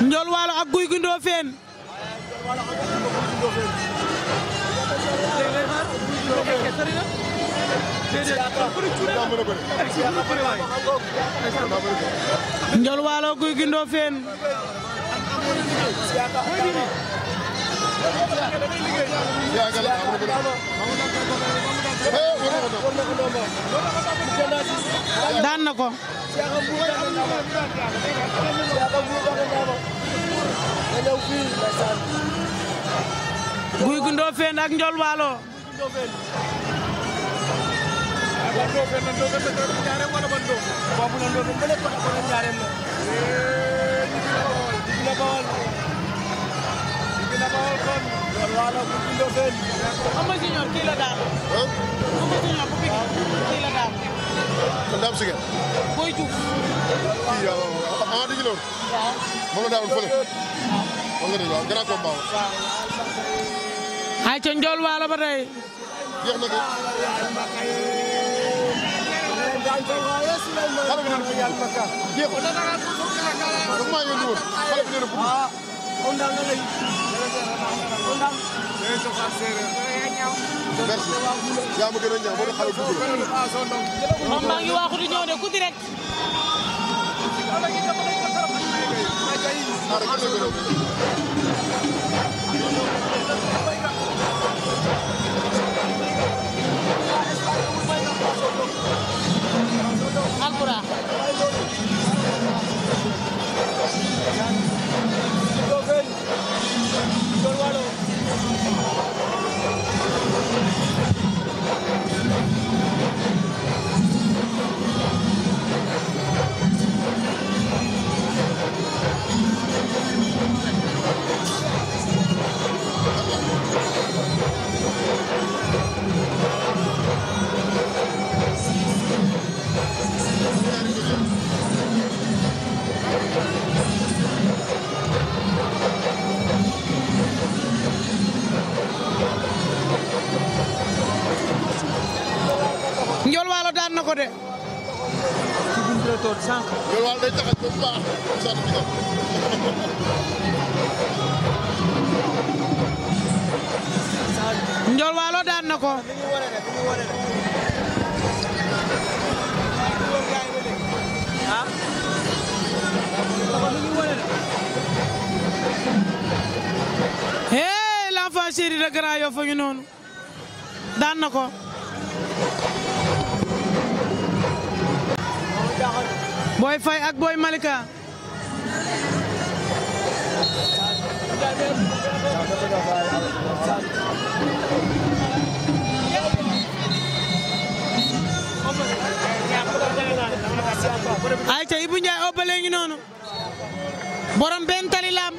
Ndiol Walo ak Gouye Gui Ndofène Ndiol Walo Gouye Gui Ndofène daan na ko guy gu Ndofeen ak Ndiol Waalo Ama Junior kii la daal. Ama Junior bu bi kii la daal. kon daam si ngeen. booy Diouf. kii yow ah, ah, ah di nga loolu. waaw moom la daawoon fële. waaw moom la daawoon grand combat waaw. waaw. ayca njool waala ba tey. jeex na ko. xale bi nee na jeex na. dafa maa yónni woon xale bi nee na kontaan na léegi. kontaan. merci. yaa ma gën a ñaax ma ne xale bu dugg la. moom maa ngi waaxu di ñëw de ku direct. ah rek ko de. ci daan na ko. Hey l'enfant chéri de Grand Yoff ñu noonu daan na ko. Boy Faye ak Boy Malika. ca ibu ñay Obale ngi nonu borom ben tali lamb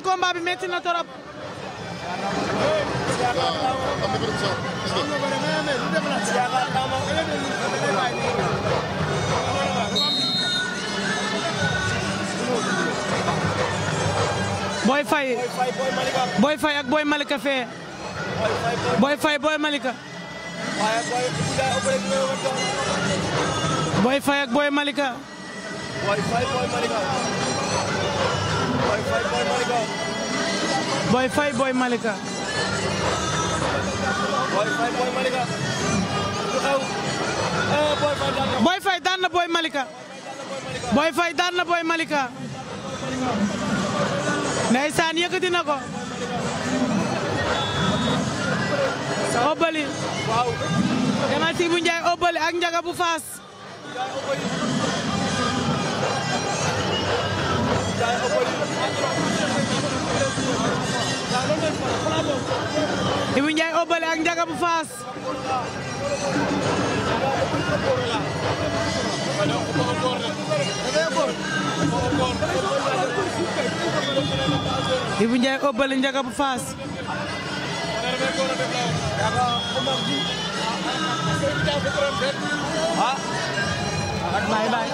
seen combat na torop Boy Faye Boy ak Boy Malika fee Boy Boy Malika Boy ak Boy Malika Boy Boy Malika Boy Faye Boy Malika. Boy Faye Boy Malika. na Boy Malika. Boy Faye daan na Boy Malika. Ndeysaan yëkkati na ko. Obali. Demal si bu Njaay Obali ak Njaga Faas. Ibu Ndiaye Obale ak bu Fass Ibu Ndiaye Obale Ndiaga bu Fass bay bay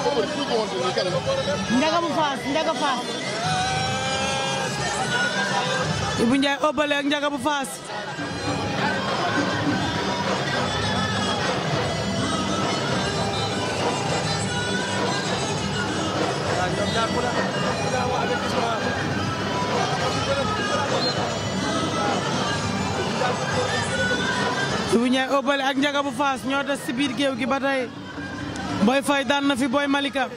Ibu Ndiaye Obale ak ña Obeuly ak Ndiaga bu Fass ñoo des ci biir géew gi ba tey Boy Faye daan fi Boy Malika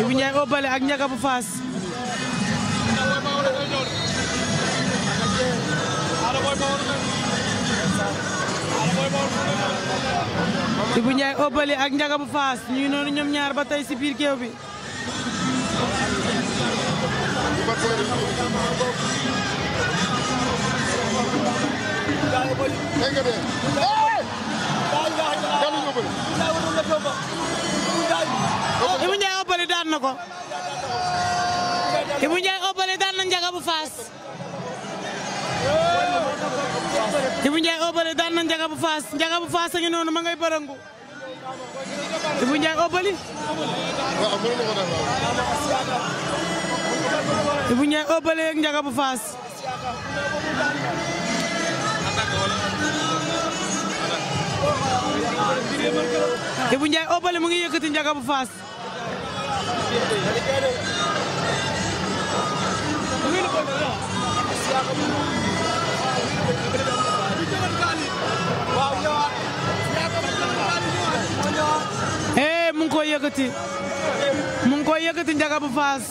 Ibu Ndiaye Obeuly ak Ndiaga bu Fass ci oh, bu ñay Obali ak ñagam Faas ñu noonu ñom ñaar ba tay ci biir géew bi. ibu ñay Obali oh, daan nako ibu ñay Obali daan na ñagam oh, Faas. Ibu Ndiaye Obali daan na Ndiaga bu Faas Ndiaga bu Faas a ngi noonu ma ngay barangu Ibu Ndiaye Obali Ibu Ndiaye Obali ak Ndiaga bu Faas Ibu Ndiaye Obali mu ngi yëkkati Ndiaga bu Faas yëkëti mu ngi koy yëkëti njaga bu faas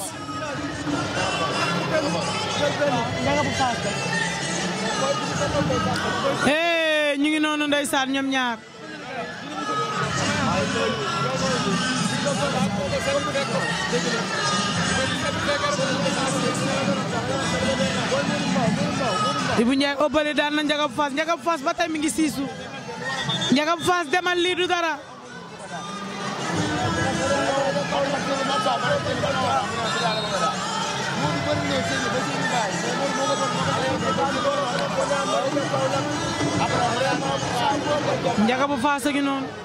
ee ñu ngi noonu ndeysaan ñoom ñaar Ibu Njaay obale daan na njaga bu faas njaga bu faas ba mi ngi siisu njaga bu faas demal lii du dara Njaga bu Fass a ngi